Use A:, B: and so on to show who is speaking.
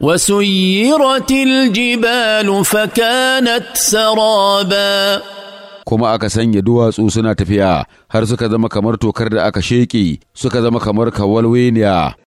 A: وسيرت الجبال فكانت سرابا kuma aka sanya duwatsu suna tafiya har suka zama kamar tokar da aka sheƙi suka zama kamar kawalweniya